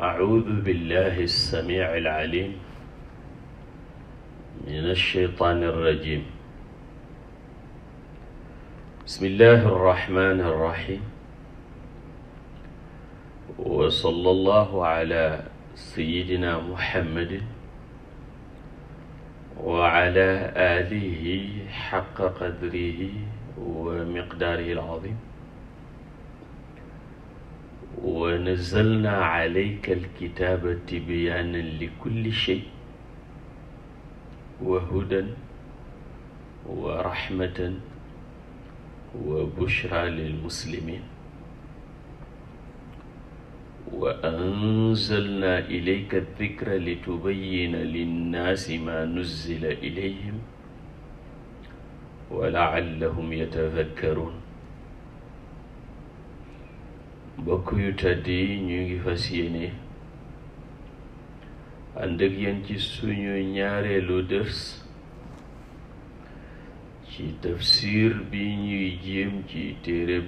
أعوذ بالله السميع العليم من الشيطان الرجيم بسم الله الرحمن الرحيم وصلى الله على سيدنا محمد وعلى آله حق قدره ومقداره العظيم ونزلنا عليك الكتاب تبيانا لكل شيء وهدى ورحمة وبشرى للمسلمين وأنزلنا إليك الذكر لتبين للناس ما نزل إليهم ولعلهم يتذكرون mbokk yu tàdd yi ñu ngi fas yéene ànd ak yéen ci suñu ñaareelu dërs ci tafsir bi ñuy jéem ci téereb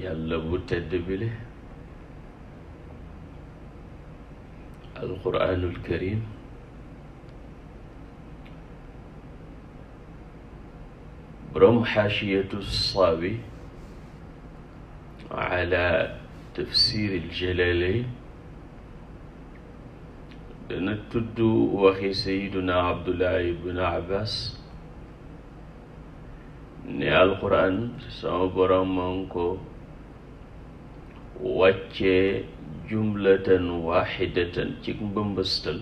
yàlla bu tedd bile alquranul karim borom xaashiyatu saawi على tafsir al-Jalalayn dana tudd waxi sayiduna Abdullah ibn Abbas ne alquran sama borom ma ngi ko wàccee jumlatan waxidatan ci mbëmbëstal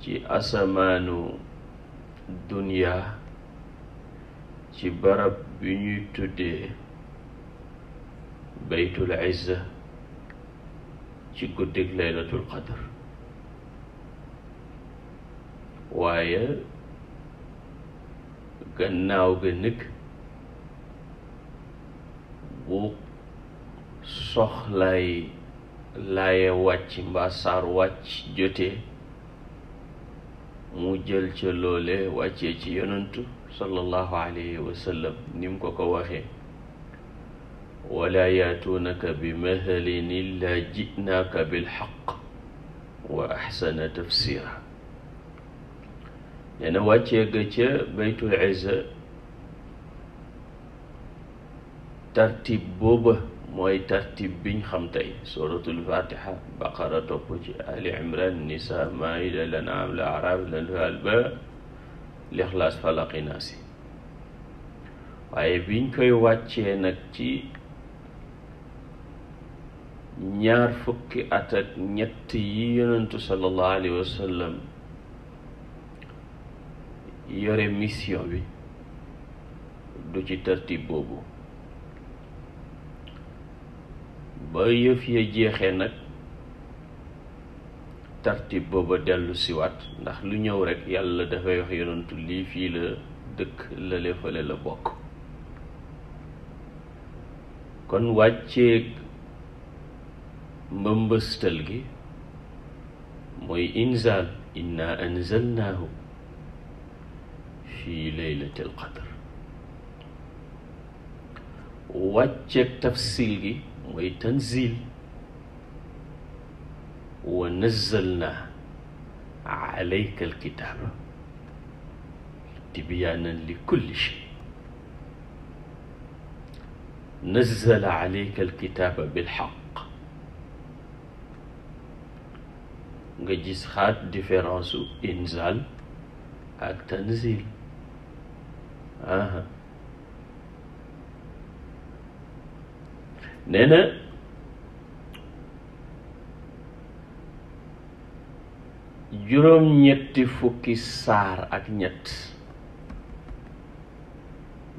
ci asamaanu dunya ci barab bi ñuy tuddee baytul izza ci guddig laylatul qadr waaye gannaaw ga nag bu soxlaay laaye wàcc mbaa saar wàcc jotee mu jël ca loole wàccee ci yonantu sallallahu alayhi wa ni mu ko ko waxee ولا ياتونك بمثل إلا جئناك بالحق وأحسن تفسيرا لأن يعني واتيكا بيت العزة ترتيب بوب موي ترتيب بين خمتي سورة الفاتحة بقرة توبوج آل عمران النساء ما إلى الأنعام الأعراب الأنفالباء لإخلاص فلق ناسي waaye biñ koy wàccee nag ñaar fukki at ak ñett yi yonentu sallallahu alayhi yore mission bi du ci tartib boobu ba yëf ya jeexee nag tartib booba dellu siwaat ndax lu ñëw rekk yàlla dafay wax yonentu lii fii la dëkk lale la bokk kon wàcceeg ممبس تلغي موي انزال إنا أنزلناه في ليلة القدر واتشك تفسيلغي موي تنزيل ونزلنا عليك الكتاب تبيانا لكل شيء نزل عليك الكتاب بالحق nga gis xat différence u inzal ak tanzil aha nee na juróom-ñetti fukki saar ak ñett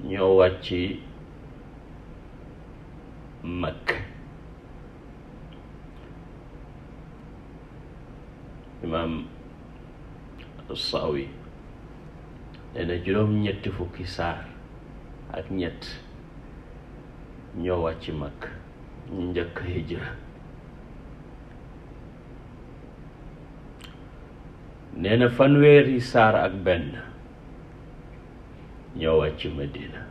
ñoo wàcc Makka imaam sawi nee na juróom ñetti fukki saar ak ñett ñoo wàcc mag ñu njëkk hijra nee fanweeri saar ak benn ñoo wàcc Madina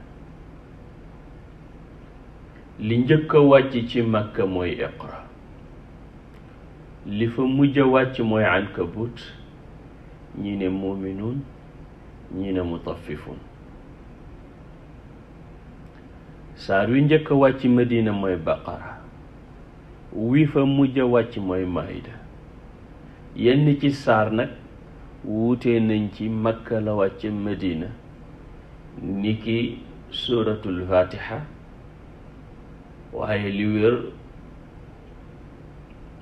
li njëkk a wàcc ci Makka mooy Iqra li fa mujj a wàcc mooy ankabut ñi ne muminuun ñi ne mutaffifuun saar wi njëkk a wàcc madina mooy baqara wi fa mujj a wàcc mooy maayda yenn ci saar nag wuute nañ ci makka la wàcc madina niki suratul fatiha waaye li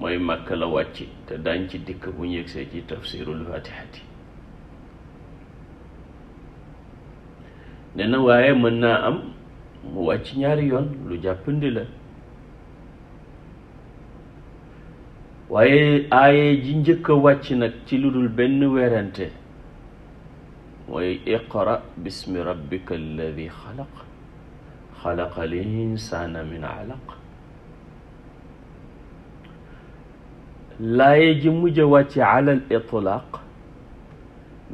mooy màkk la wàcc te daañ ci dikk bu ñu yegsee ci tafsirul fatihati nee waaye mën naa am mu wàcc ñaari yoon lu jàppandi la waaye aaye ji njëkk a wàcc nag ci lu dul benn werante mooy iqra bismi rabbika alladi xalaq xalaqa al insana alaq لا يجب مجوات على الإطلاق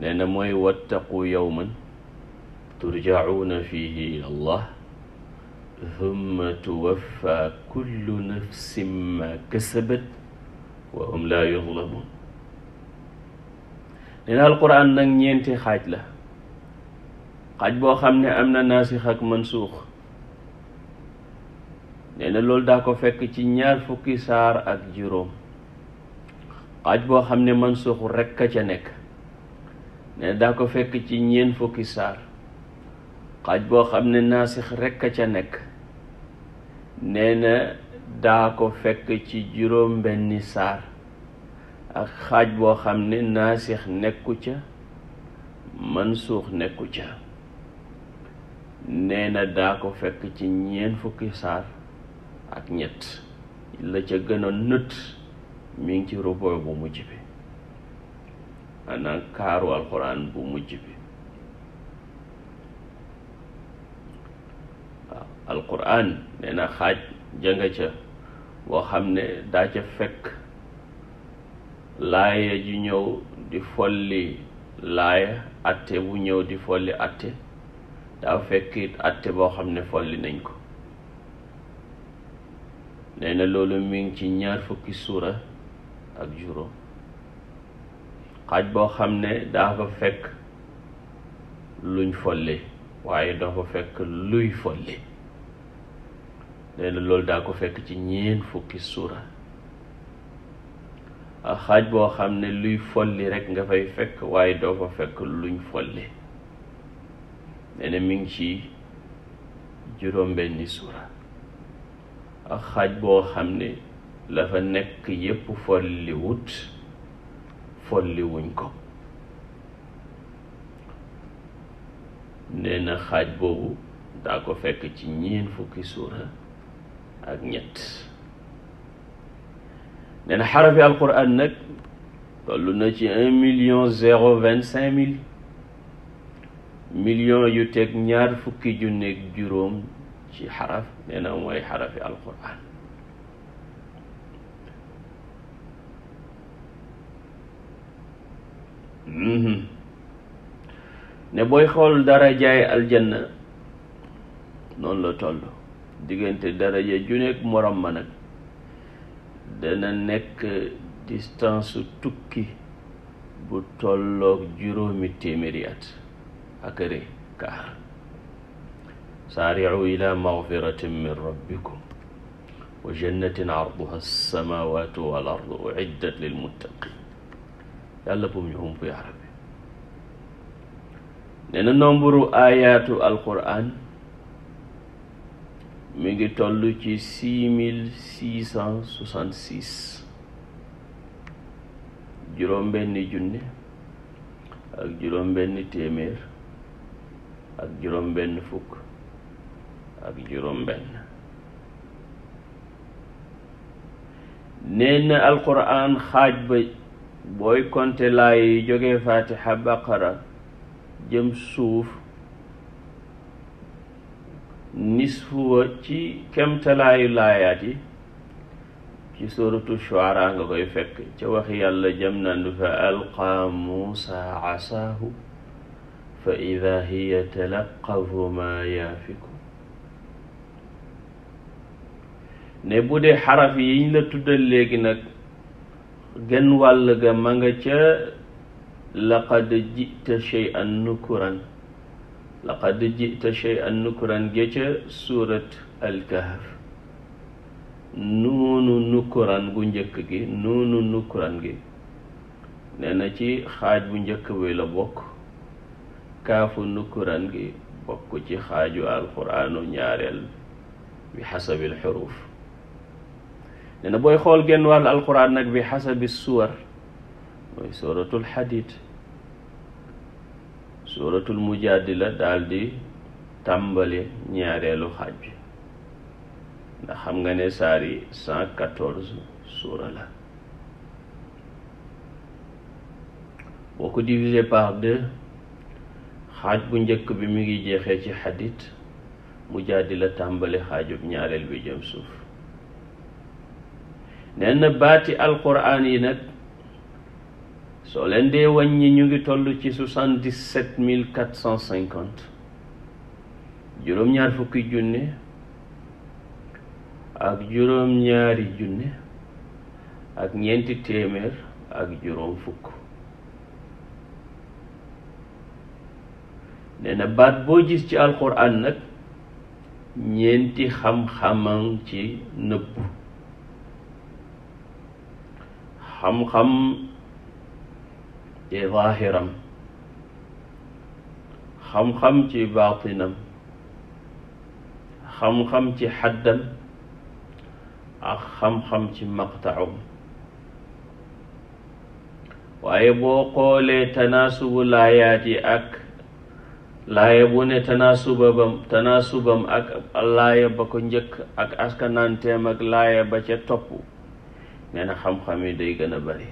لأن ما يوتقوا يوما ترجعون فيه إلى الله ثم توفى كل نفس ما كسبت وهم لا يظلمون لأن القرآن ننينتي خاج له خاج بو خمني أمنا ناسخك منسوخ لأن لول داكو فك تي نيار فوكي سار أك جيروم xaaj boo xam ne man suuxu rekk a ca nekk ne daa ko fekk ci ñeent fukki saar xaaj boo xam ne naasix rekk a ca nekk nee na daa ko fekk ci juróom benni saar ak xaaj boo xam ne naasix nekku ca man suux nekku ca nee na daa ko fekk ci ñeent fukki saar ak ñett la ca gëna nët min kiropoyo bo mujjibe anan kaaru alquran bo mujjibe ah, alquran nena haaj jenga ca wo xamne da ca fekk laaya ji ñëw di folli laaya atte bu ñëw di folli atte daa fekkit atte boo xam ne folli nañ ko nee na loolu mi ngi ci ñaar fukki suura ak juróom xaaj boo xam ne daa fa fekk luñ folle waaye doo fa fekk luy folle nee na loolu daa ko fekk ci ñeen fukki suura ak xaaj boo xam ne luy folli rekk nga fay fekk waaye doo ko fekk luñ folli nee na mi ngi ci juróom-benni suura ak xaaj boo xam ne la fa nekk yépp folliwut folliwuñ ko nee na xaaj boobu daa ko fekk ci ñeen fukki suura ak ñett nee na xarafi alquran nag tollu na ci un million zéro vingt cinq mille million yu teg ñaar fukki junneeg juróom ci xaraf nee na mooy xarafi alquran Mhm. ne booy xool darajaay aljanna noonu la toll diggante daraja ju nekk morom ma nag dana nekk distance tukki bu tolloog juróomi téeméeri at ak rëy kaar saari'u ila magfiratin min rabbikum wa jannatin arduha alsamawatu wal ardu uiddat lilmuttaqin yàlla bu ñu ump yaa rabbi nee na nombre ayaatu alquran mi ngi tollu ci six mille six cent soixante six juróom benni junne ak juróom benni téeméer ak juróom benn fukk ak juróom benn nee na alquran xaaj ba booy konte laay yi jógee fatiha baqara jëm suuf nisfu wa ci kemtalaayu laayaat yi ci suratu shuara nga koy fekk ca wax yàlla jëm naan fa alqaa muusa asaahu fa ida hiya talaqafu ma yaafiku ne bu dee xaraf yiñ la tuddal nag gen wàll ga ma nga ca laqad jita shay'an nukuran laqad jita shay'an nukuran ga ca suurat alkahf nuunu nukuran gu njëkk gi nuunu nukuran gi nee ci xaaj bu njëkk bi la bokk kaafu nukuran gi bokk ci xaaju alquraanu ñaareel bi xasabil xuruuf nee na booy xool genn wàllu alquran nag bi xasabi suwar mooy suratul xadid suratul mujadila daal di tàmbali ñaareelu xaaj bi ndax xam nga ne saari yi cent quatorze suura la boo ko divisé par deux xaaj bu njëkk bi mu ngi jeexee ci xadit mujadila tàmbali xaajub ñaareel bi jëm suuf nee baati alquran yi nag soo leen dee wàññi ñu ngi toll ci soixante-dix-sept mille quatre cent cinquante juróom-ñaar fukki junne ak juróom-ñaari junne ak ñeenti téeméer ak juróom fukk nee baat boo gis ci alquran nag ñeenti xam-xamam ci nëpp xam-xam ci zaahiram xam-xam ci baatinam xam-xam ci xaddam ak xam-xam ci maqtaum waaye boo xoolee tanaasubu laayaat yi ak laaya bu ne tanaasubam tanaasubam ak laaya ba ko njëkk ak askananteem ak laaya ba ca topp nee na xam-xam yi day gën a bari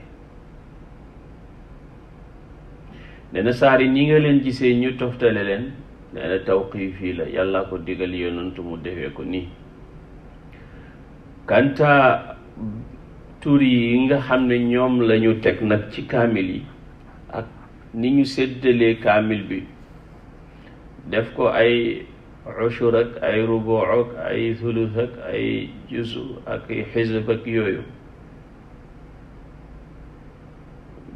nee na ñi nga leen gisee ñu toftale leen nee na tawqiif yi la yàlla ko digal yonantu mu defee ko nii kanta tur yi nga xam ne ñoom lañu teg nag ci kaamil yi ak ni ñu séddalee kaamil bi def ko ay ushur ak ay rubu ak ay thuluth ak ay juzu ak yooyu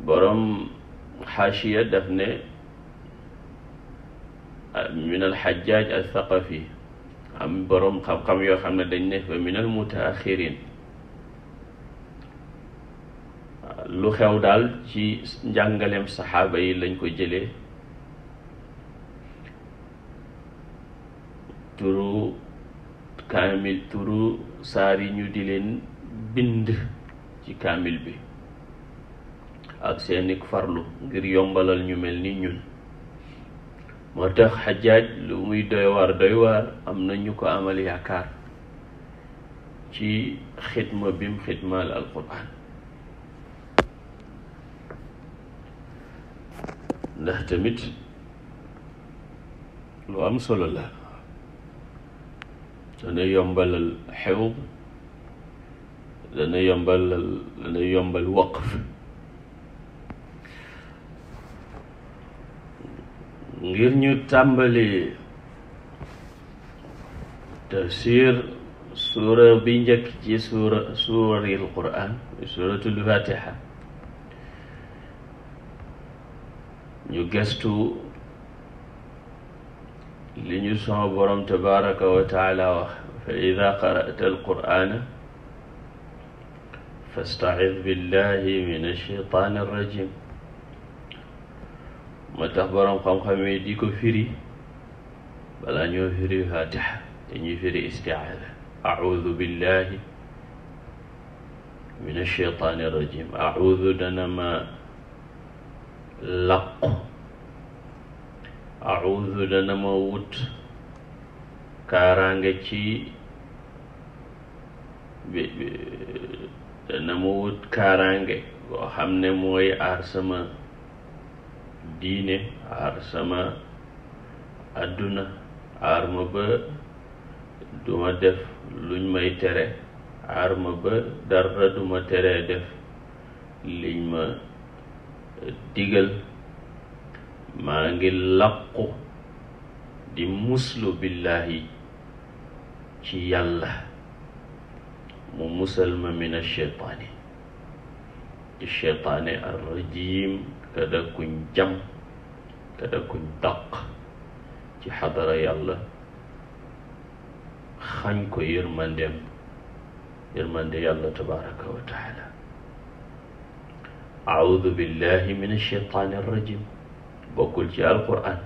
borom xaashiya daf ne min al xajjaaj al thaqafi am borom xam-xam yoo xam ne dañ ne fa min al mutaaxirin lu xew daal ci njàngaleem saxaaba yi lañ ko jëlee turu kaamil turu saar yi ñu di leen bind ci kaamil bi ak seenik farlu ngir yombalal ñu mel ni ñun moo tax xajaaj lu muy doy waar doy waar am na ñu ko amal yaakaar ci xidma bim xidmaal alquran ndax tamit lu am solo la dana yombalal xew dana yombalal dana yombal waqf ngir ñu tàmbali tafsir sura bi njëkk ci sura suuraril quran suuratul fatiha ñu gëstu li ñu sama borom tabaraka wa taala wax fa ida qara'ta al-qur'an فاستعذ بالله من الشيطان الرجيم ma tax boroom xam-xam yi di ko firi balaa ñoo firi fatiha dañuy firi istiaada audu billahi min alcheytaani irrajim audu dana ma laqu audu dana ma wut kaaraange ci bi dana ma wut kaaraange boo xam ne mooy aar sama diine ar sama adduna ar ma ba duma def luñ may tere ar ma ba dara duma tere def liñ ma digal maa ngi laqu di muslu billahi ci yàlla mu musal ma min alcheytaani di cheytaani alrajim te da kuñ jam te da kuñ dàq ci xadara yàlla xañ ko yërmandeem yërmande yàlla tabaraka wa taala audu billahi min alcheytaani arrajim bokkul ci alquran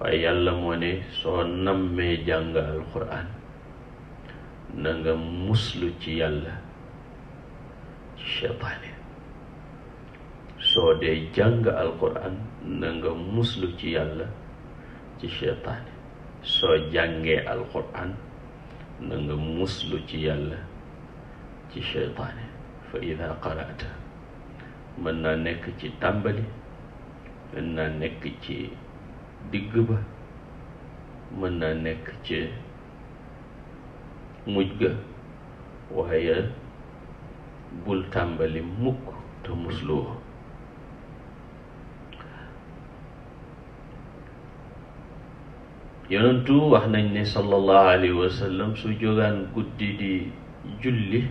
waaye yàlla moo ne soo nammee jàng alquran na nga muslu ci yàlla ci cheytaani so de jang alquran nanga muslu ci yalla ci shaytan so jange alquran nanga muslu ci yalla ci shaytan fa idha qara'ta man na nek ci tambali man na nek ci digg ba man na nek ci muj ga waye bul tambali muk te musluwa yonentu wax nañ ne sallallahu alayhi wa sallam su jogan guddi di julli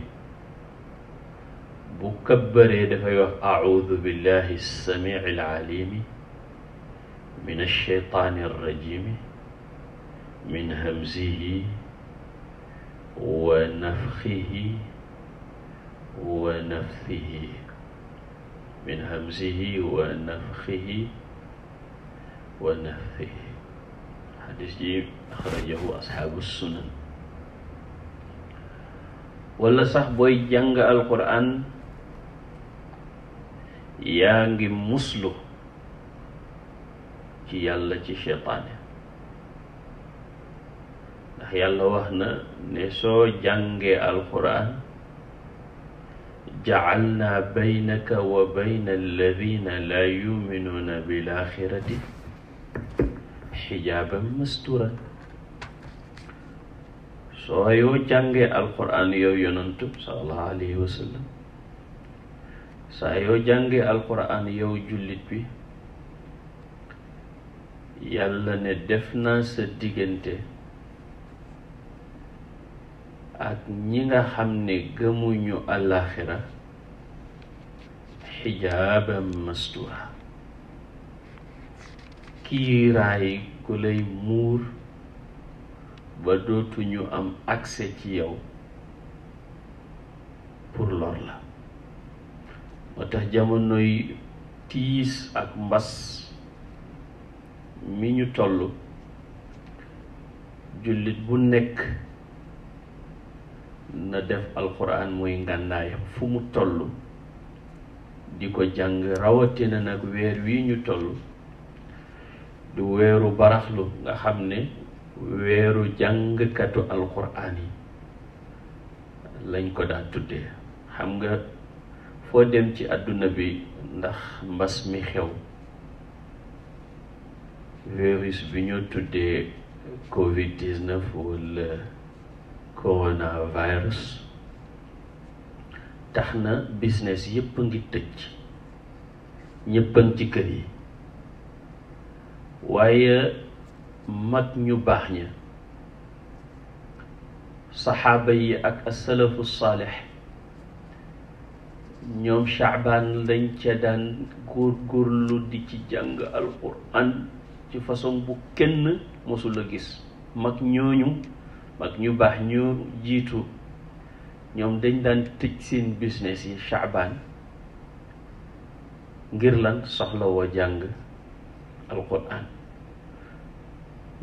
bu kabbare da fay wax a'udhu billahi alsamici alalimi min alcheytaani alrajimi min hamzihi wa nafxihi wa nafthihi min hamzihi wa nafxihi wa nafhihi hadis ini akhrajahu ashabus sunan wala sahboy jangga alquran yangi muslu lah ci yalla ci setan ndax yalla waxna ne so jange alquran ja'alna baynaka wa bayna alladhina la yu'minuna bil akhirati حجابا مستورا سوهيو جانغي القرآن يو ينطب صلى الله عليه وسلم سوهيو جانغي القرآن يو جلد بي يالا ندفنا سدقنتي ak ñi nga xam ne gëmuñu alaxira xijaaba mastura kii raay ku lay muur ba dootuñu am accès ci yow pour lor la moo tax jamonoy tiis ak mbas mi ñu tollu jullit bu nekk na def alxuraan muy ngànnaayam fu mu tollu di ko jàng rawatina nag weer wi ñu toll du weeru baraxlu nga xam ne weeru jàngkatu alquraan lañ ko daan tuddee xam nga foo dem ci àdduna bi ndax mbas mi xew virus bi ñu tuddee covid 19 wala coronavirus tax na business yëpp ngi tëj ñëpp ci kër yi waaye mag ñu baax ña saxaaba yi ak asalafu saalix ñoom caabaan lañ ca daan góorgóorlu di ci jàng alquran ci façon bu kenn mosul gis mag ñooñu mag ñu baax ñu jiitu ñoom dañ daan tëj seen business yi caabaan ngir lan soxla woo jàng alquran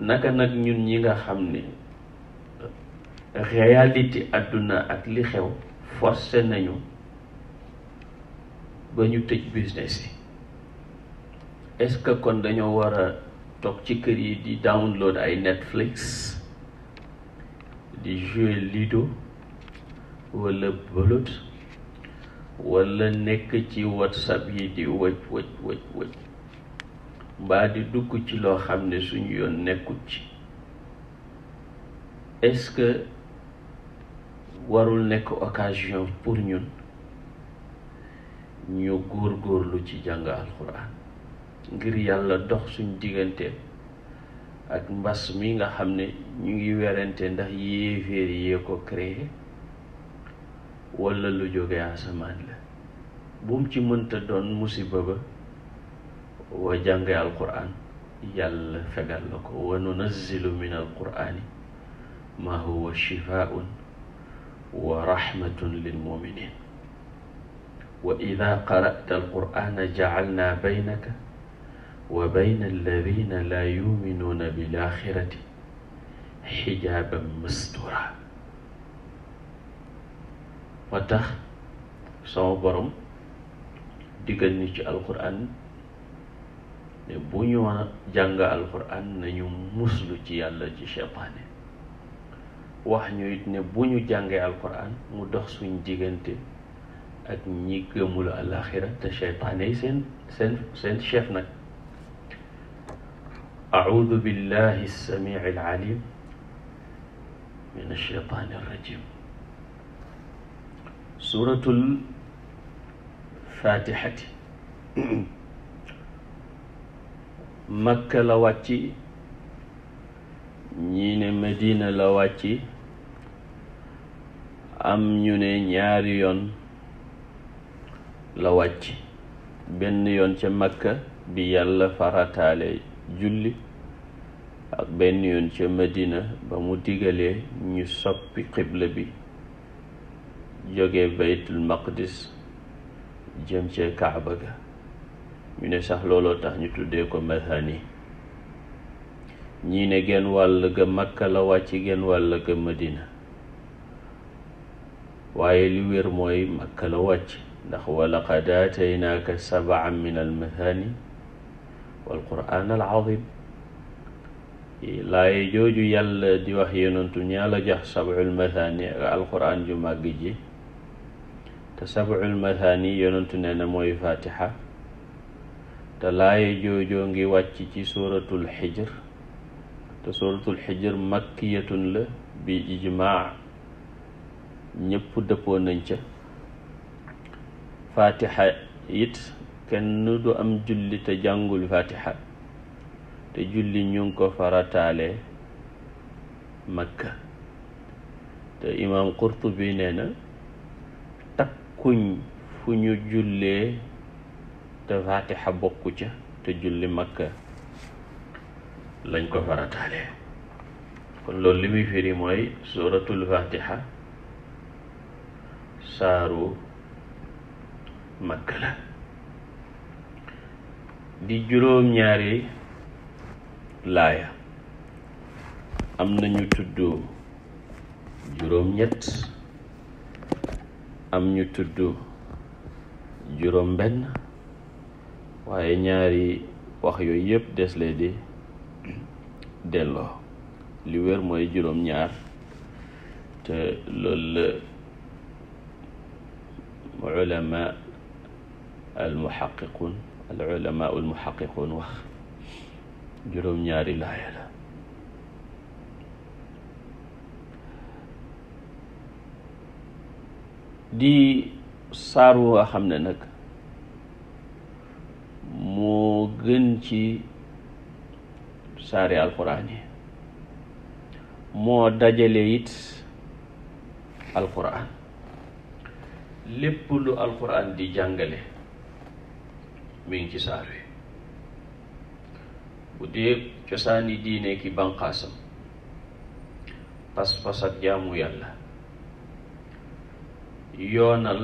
naka nag ñun ñi nga xam ne réalité àdduna ak li xew forcé nañu ba ñu tëj business yi est-ce que kon dañoo war a toog ci kër yi di download ay Netflix di jouer lido wala Belote wala nekk ci WhatsApp yi di wëcc wëcc wëcc mbaa di dugg ci loo xam ne suñu yoon nekkul ci est-ce que warul nekk occasion pour ñun ñu góorgóorlu ci jàng alxuraan ngir yàlla dox suñu diggante ak mbas mi nga xam ne ñu ngi werante ndax yéeféer yee ko créé walla lu jóge asamaan la buum ci mënta doon musiba ba وجنغي القرآن يال فقالك وننزل من القرآن ما هو شفاء ورحمة للمؤمنين وإذا قرأت القرآن جعلنا بينك وبين الذين لا يؤمنون بالآخرة حجابا مستورا وتخ صوبرم ديغنيتي القرآن ne bu ñu jàng alquran nañu muslu ci yàlla ci cheytaane wax ñu it ne bu ñu jàngee alquran mu dox suñ diggante ak ñi gëmul alaxira te cheytaane yi seen seen seen chef nag أعوذ بالله السميع العليم من الشيطان الرجيم سورة الفاتحة makka la wàcci ñii ne medina la wàcci am ñu ne ñaari yoon la wàcc benn yoon ca makka bi yàlla farataale julli ak benn yoon ca madina ba mu digalee ñu soppi xibla bi jóge baytul maqdis jëm ca kaaba ga ñu sax looloo tax ñu tuddee ñii ne genn wàll ga makka la wàcc genn wàll ga madina waaye li wér mooy makka la wàcc ndax walaqad aataynaaka sabaan min almathani wal quraan al azim laaye jooju yàlla di wax yonantu ñaa la jox sabul mathani ak alquran ju màgg ji te sabul mathani yonantu nee na mooy fatiha te laaye joojoo ngi wàcc ci suuratul xijr te suuratul xijr makkiyatun la bi ijmaa ñëpp dëppoo nañ ca fatiha it kenn du am julli te jàngul fatiha te julli ñu ko faratale makka te imaam qurtubi nee takkuñ fu ñu jullee te faatixa bokku ca te julli makka lañ ko farataale kon loolu li muy firi mooy suuratul faatixa saaru makka di juróom-ñaari laaya am nañu tudd juróom-ñett am ñu tuddu juróom-benn waaye ñaari wax yooyu yëpp des le di delloo li wér mooy juróom ñaar te loolu la ulama al muhaqiqun al ulama al muhaqiqun wax juróom ñaari laaya la di saar woo xam ne nag moo gën ci saari alxuraan yi moo dajale it alxuraan lépp lu alxuraan di jàngale mi ngi ci saar wi bu dee cosaani diine ki banqaasam pas-pas ak jaamu yàlla yoonal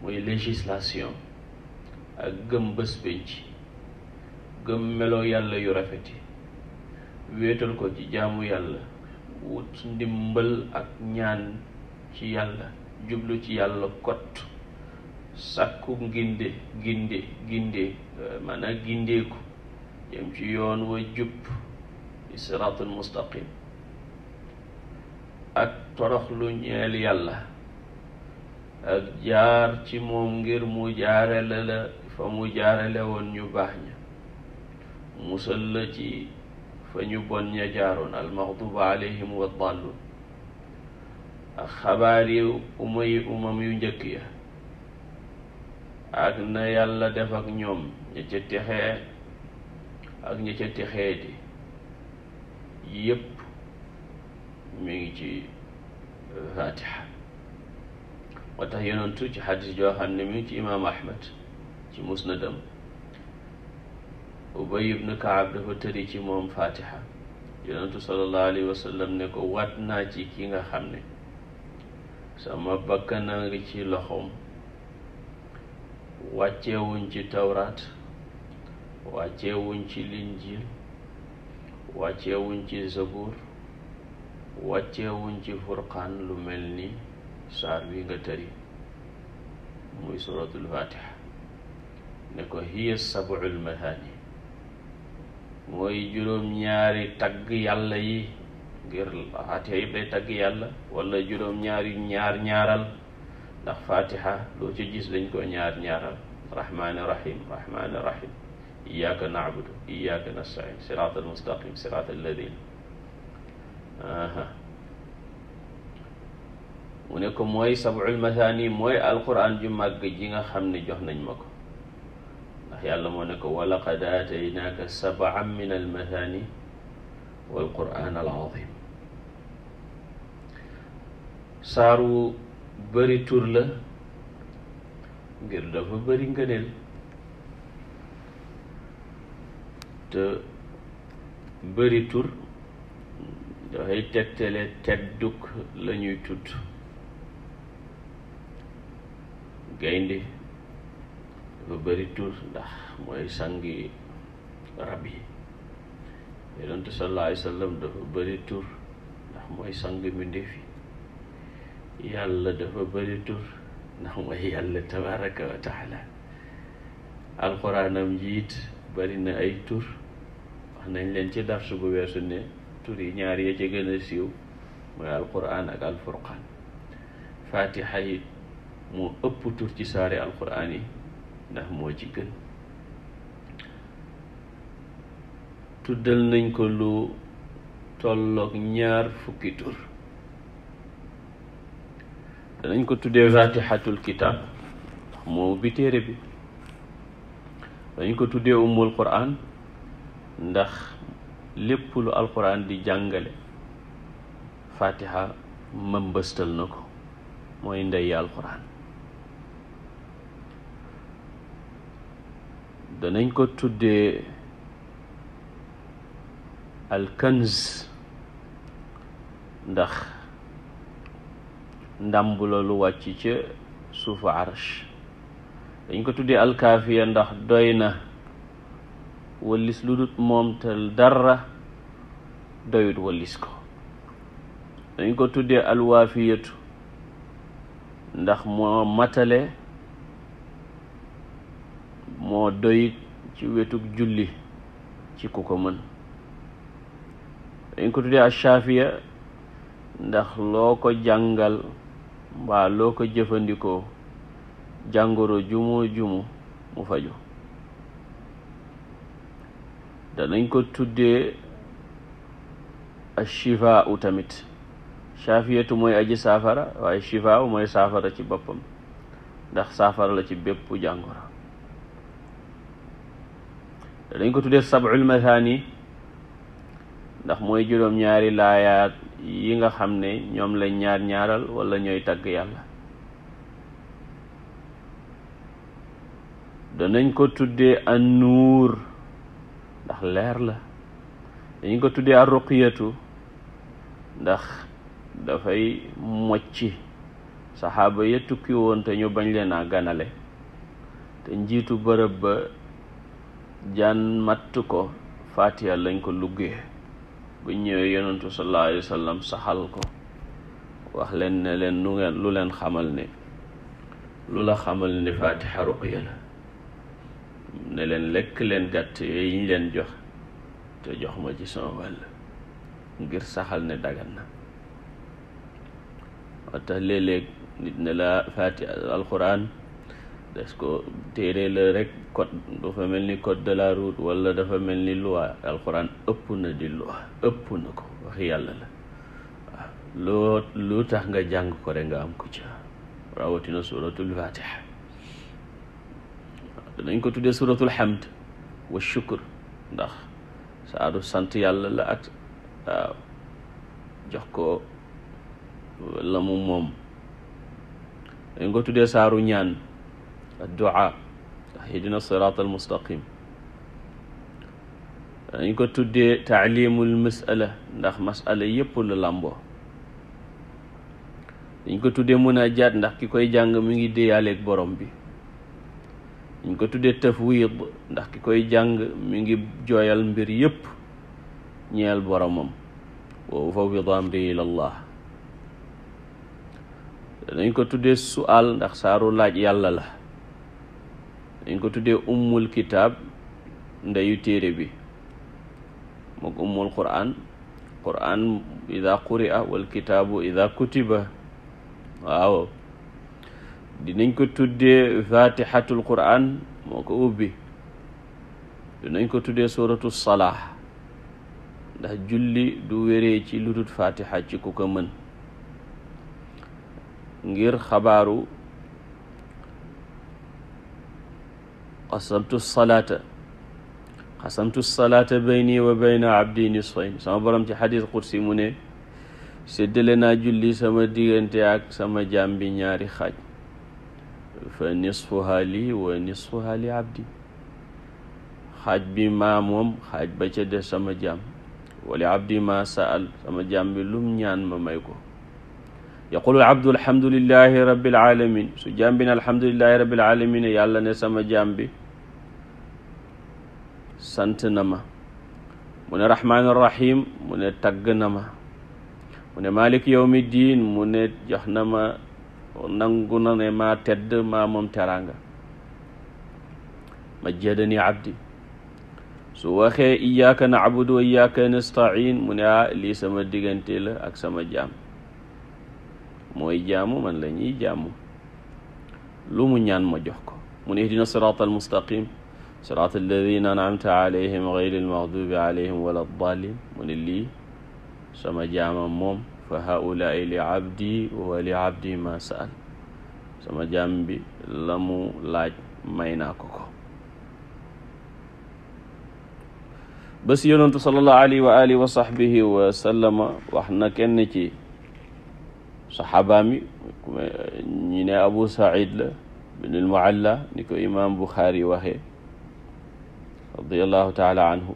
mooy législation ak gëm bés pénc gëm melo yàlla yu rafeti wéetal ko ci jaamu yàlla wut ndimbal ak ñaan ci yàlla jublu ci yàlla kot sàkku nginde ginde ginde euh, maanaam gindeeku jëm ci yoon wa jub siraatul mustaqim ak torox lu ñeel yàlla ak jaar ci moom ngir mu jaare la fa mu jaarale woon ñu baax ña musal la ci fa ñu bon ña jaaroon almaxduba alayhim wa dallun ak xabaar yi uma yi umam yu njëkk ya ak na yàlla def ak ñoom ña ca texee ak ña ca texee di yépp mi ngi ci fatiha moo tax yonentu ci xadis joo xam ne mi ngi ci imaam ahmad ci musnadam ubay ibnu kaab dafa tëri ci moom fatiha yonentu sallallahu alayhi wa sallam ne ko waat naa ci ki nga xam ne sama bakkan a ngi ci loxoom wàccewuñ ci tawraat wàccewuñ ci linjil wàccewuñ ci zabur wàccewuñ ci furqaan lu mel ni saar nga tëri muy suratul fatiha ne ko hiya sab'ul mahaani mooy juróom-ñaari tagg yàlla yi ngir faatiha yëpp day tagg yàlla walla juróom-ñaari ñaar ñaaral ndax faatiha loo ci gis dañ ko ñaar ñaaral rahmaani rahim rahmaani rahim iyyaka na'budu iyyaka nasta'in siraatal mustaqim siraatal ladiina mu ne ko mooy sab'ul mathani mooy alquran ju màgg ji nga xam ne jox nañ ma ko ndax yàlla moo ne ko wa laqad aataynaaka sab'an min al-mathaani wal qur'aan al-aziim saaru bëri tur la ngir dafa bëri ngëneel te bëri tur dafay tegtale tedduk la ñuy tudd gaynde dafa bari tur ndax mooy sang rab yi yonentu sallallahu alayhi wa sallam dafa bëri tur ndax mooy sang mbindéef yi yàlla dafa bëri tur ndax mooy yàlla tabaraka wa taala alxuraanam jiit bëri na ay tur wax nañ leen ci daf bu weesu ne tur yi ñaar ya ci gën a siiw mooy alquran ak alfurqaan fatiha yi mu ëpp tur ci saari alquran yi ndax moo ci gën tuddal nañ ko lu tolloog ñaar fukki tur danañ ko tuddee fatihatul kitab ndax moo bi téere bi dañ ko tuddee umul quran ndax lépp lu alxuraan di jàngale fatiha mëmbëstal na ko mooy ndey alquran danañ ko tuddee alkanz ndax ndàmb la lu wàcc ca suufu arsh dañ ko tuddee alkaafiya ndax doy na wallis lu dut moom te dara doyut wallis ko dañ ko tuddee alwaafiyatu ndax moo matale moo doy ci wetug julli ci ku ko mën dañ ko tuddee ashaafiya ndax loo ko jàngal mbaa ko jëfandikoo jàngoro jumoo jumu mu faju danañ ko tuddee ashifaa u tamit shaafiyatu mooy aji saafara waaye shifaa u mooy saafara ci boppam ndax saafara la ci bépp jàngoro dañ ko tuddee sabul mathani ndax mooy juróom-ñaari laayaat yi nga xam ne ñoom lañ ñaar ñaaral wala ñooy tagg yàlla danañ ko tuddee an nuur ndax leer la dañ ko tuddee ar ruqyatu ndax dafay mocci saxaaba ya tukki woon te ñu bañ leen a ganale te njiitu bërëb ba jaan matt ko faatiha lañ ko luggee bu ñëwee yonentu saxal ko wax leen ne leen lu leen xamal ne lu la xamal ne faatiha ruqya la ne leen lekk leen gàtt yooyu ñu leen jox te jox ma ci sama wàll ngir saxal ne dagan na moo tax léeg-léeg nit ne la faatiha alquran des ko téere la rek code dafa mel ni code de la route walla dafa mel ni loi alxuraan ëpp na di loi ëpp na ko wax yàlla la waaw lu tax nga jàng ko rek nga am ko ca rawatina suratul fatiha danañ ko tuddee suratul hamd wa shukur ndax saaru sant yàlla la ak waaw jox ko la moom dañ ko tuddee saaru ñaan addua ihdina siraat almustaqim dañ ko tuddee taalimul masala ndax masala yépp la làmboo dañ ko tuddee munajaat ndax ki koy jàng mi ngi déyaaleeg borom bi dañ ko tuddee tafwid ndax ki koy jàng mi ngi joyal mbir yépp ñeel boromam wa ufawwidu amri ilallah dañ ko tuddee su'al ndax saaru laaj yàlla la dañ ko tuddee ummul kitaab ndeyu téere bi mook ummul quraan quraan ida quri a wal kitaabu ida kutiba waaw dinañ ko tuddee fatihatul quraan moo ko ubbi dinañ ko tuddee suratu salaah ndax julli du wéree ci ludut fatiha ci ku ko mën ngir xabaaru qasamtu salaata qasamtu salaata bayni wa bayna abdi nisfayn sama borom ci xadis qudsi mu ne séddale naa julli sama diggante ak sama jaam bi ñaari xaaj fa nisfuha li wa nisfuha li abdi xaaj bi maa moom xaaj ba ca des sama jaam wali abdi ma saal sama jaam bi lum ñaan ma may ko يقول العبد الحمد لله رب العالمين سجان بن الحمد لله رب العالمين يا الله نسمى جانبي سنتنما من الرحمن الرحيم من التقنما من مالك يوم الدين من جهنما ننغنا نما تد ما ممترانا مجدني عبدي سو إياك نعبد وإياك نستعين من لي سما ديغنتيل أك سما جامبي mooy jaamu man la ñuy jaamu lu mu ñaan ma jox ko mu ne ihdina siraat almustaqim siraat alladina anamta alayhim gayri almaghdubi alayhim wala addalin mu ne lii sama jaamam moom fa haulaai li abdi wa li abdi ma saal sama jaam bi la mu laaj may naa ko ko بس يونس صلى الله عليه wa وصحبه wa sahbihi wa sallama saxaaba mi ñu ne abu said la binul mualla ni ko imaam buxaari waxee radiallahu taala anhu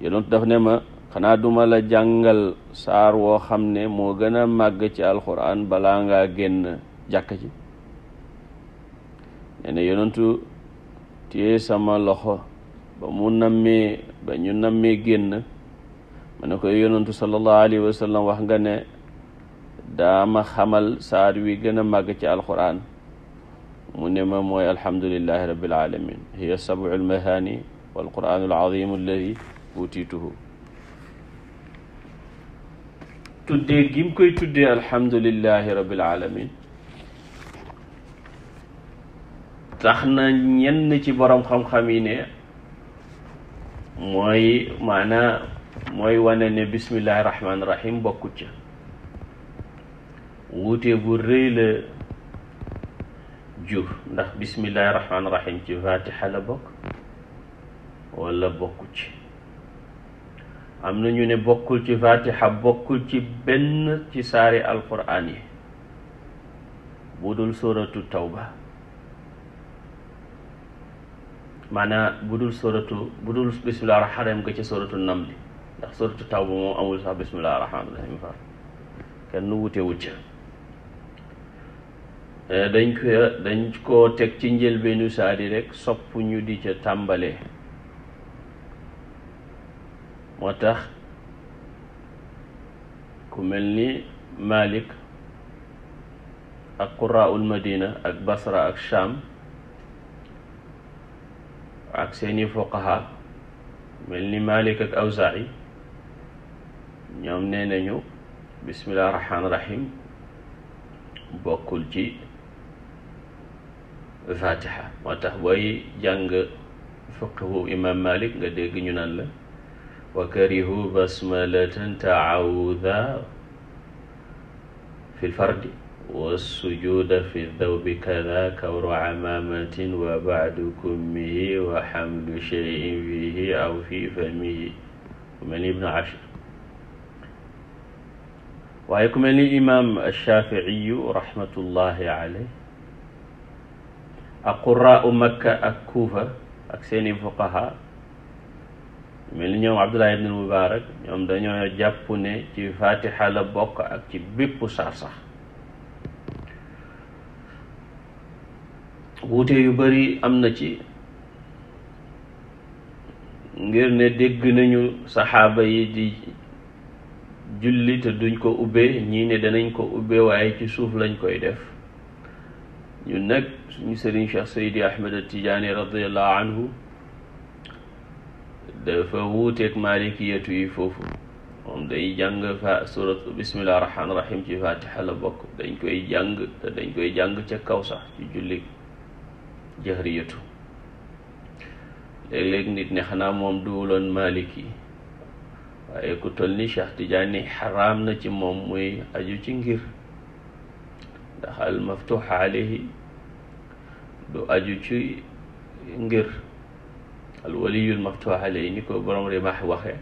yonentu daf ne ma xanaa duma la jàngal saar woo xam ne moo gën a màgg ci alquran balaa ngaa génn jàkka ci nee na yonentu téye sama loxo ba mu nammee ba ñu nammee génn ma ne ko yonentu sallallahu alayhi wa sallam wax nga ne daa ma xamal saar wi gën a màgg ci alquran mu ne ma mooy alhamdulillahi rabbil alamin hiya sab'ul mahani wal qur'anul azim alladi utituhu tuddee gi mu koy tuddee alhamdulillahi rabbil alamin tax na ñenn ci borom xam-xam yi ne mooy maanaa mooy wane ne bismillahi rahmaani rahim bokkut ca wuute bu rëy la jur ndax bismillahi rahmaani rahim ci fatiha la bokk wala bokku ci am na ñu ne bokkul ci fatiha bokkul ci benn ci saari alquran yi bu dul suratu tawba maanaam bu dul suratu bu dul bismillahi rahmaani rahim nga ci suratu namli ndax suratu tawba moom amul sax bismillahi rahmaani rahim fa nu wutewut ca Eh, dañ ko teg ci njëlbeenu saari rek sopp ñu di ca tàmbale moo tax ku mel ni Malik ak quraul madina ak basra ak sham ak seeni fuqaha mel ni Malik ak Awzaa'i ñoom nee nañu bismillah rahmaan rahim bokkul ci الفاتحة موتاح بوي جانغ فقه إمام مالك غدي غنيون الله وكره بسملة تعوذ في الفرد والسجود في الذوب كذا كور عمامة وبعد كمه وحمل شيء فيه أو في فمه ومن ابن عشر ويكمل إمام الشافعي رحمة الله عليه ak u makka ak kuufa ak seeni fuqaha mel ñoom abdullah ibn mubarak ñoom dañoo jàpp ne ci fatiha la bokk ak ci bépp saar sax wuute yu bari am na ci ngir ne dégg nañu saxaaba yi di julli te duñ ko ubbee ñii ne danañ ko ubbee waaye ci suuf lañ koy def ñun nag suñu sëriñ Cheikh Seydi Ahmed Tijaani radiallahu anhu dafa wuuteeg maalikiyatu yi foofu moom day jàng fa surat bismillah rahmaan rahim ci fatiha la bokk dañ koy jàng te dañ koy jàng ca kaw sax ci julli jahriyatu léeg-léeg nit ne xanaa moom duwuloon maaliki waaye ku toll ni Cheikh Tijaani xaraam na ci moom muy aju ci ngir ndax al maftuux alayhi lu aju ci ngir al waliyul maftuux alay ni ko borom rimaax waxe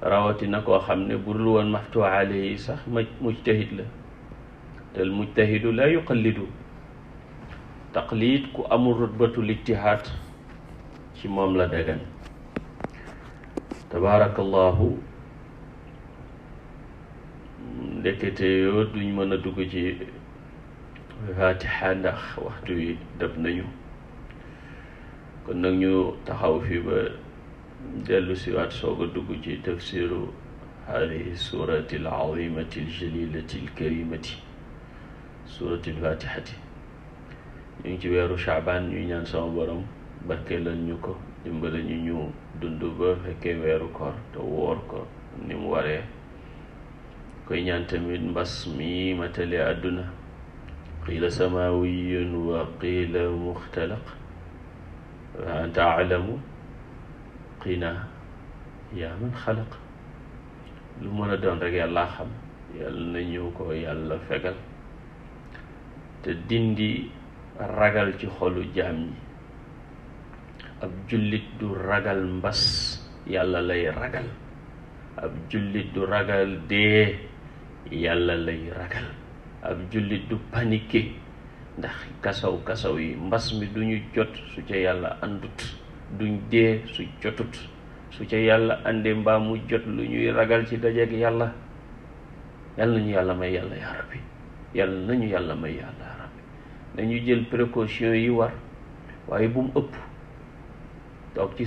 rawatina koo xam ne bu dul woon maftuux alay sax maj mujtahid la te al mujtahidu la yuqallidu taqlid ku amul rutbatul ijtihaad ci moom la dagan tabaarakallahu ndekete yoo duñ mën a dugg ci waati xaa ndax waxtu yi dab nañu kon nag ñu taxaw fi ba dellu siwaat soog a dugg ci tafsiru haadihi suurati al azimati al jalilati al karimati suurati al fatihati ñu ngi ci weeru chaabaan ñuy ñaan sama borom barke lan ñu ko dimbala ñu ñu dund ba fekkee weeru koor te woor ko ni mu waree koy ñaan tamit mbas mi matale àdduna قيل سماوي وقيل مختلق أنت أعلم قنا يا من خلق لمن دون رجع الله خم يال نيوكو يال فجل تدندي رجل تخلو جامي أب جلد دو بس يال لا رجل أب جلد دو دي يال لا رجل ab julit du paniqué ndax kasaw kasaw yi mbas mi duñu jot su ca yàlla andut duñ dee su jotut su ca yàlla ande mbaa mu jot lu ñuy ragal ci dajeeg yàlla yàlla nañu may yàlla ya rabbi yàlla nañu yàlla may yàlla ya rabbi nañu jël précaution yi war waaye bu mu ëpp toog ci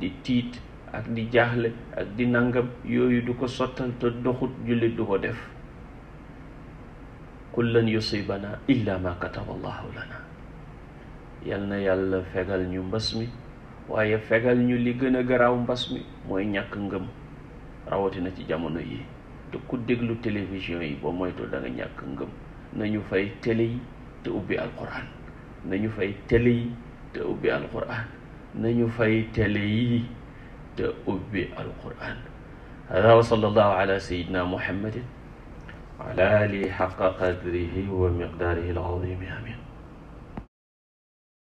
di tit, ak di jaaxle ak di nangam yooyu du ko sottal te doxut jullit def قل يصيبنا إلا ما كتب الله لنا يلنا يلا فغل نيو بسمي وايا فغل نيو لي گنا گراو بسمي موي نياك نغم راوتي نا تي جامونو يي تو كود دگلو تيليفزيون يي بو موي تو داغا نياك نغم نانيو فاي تيلي تي اوبي القران نانيو فاي تيلي تي اوبي القران نانيو فاي تيلي تي اوبي القران هذا وصلى الله على سيدنا محمد وعلى آله حق قدره ومقداره العظيم آمين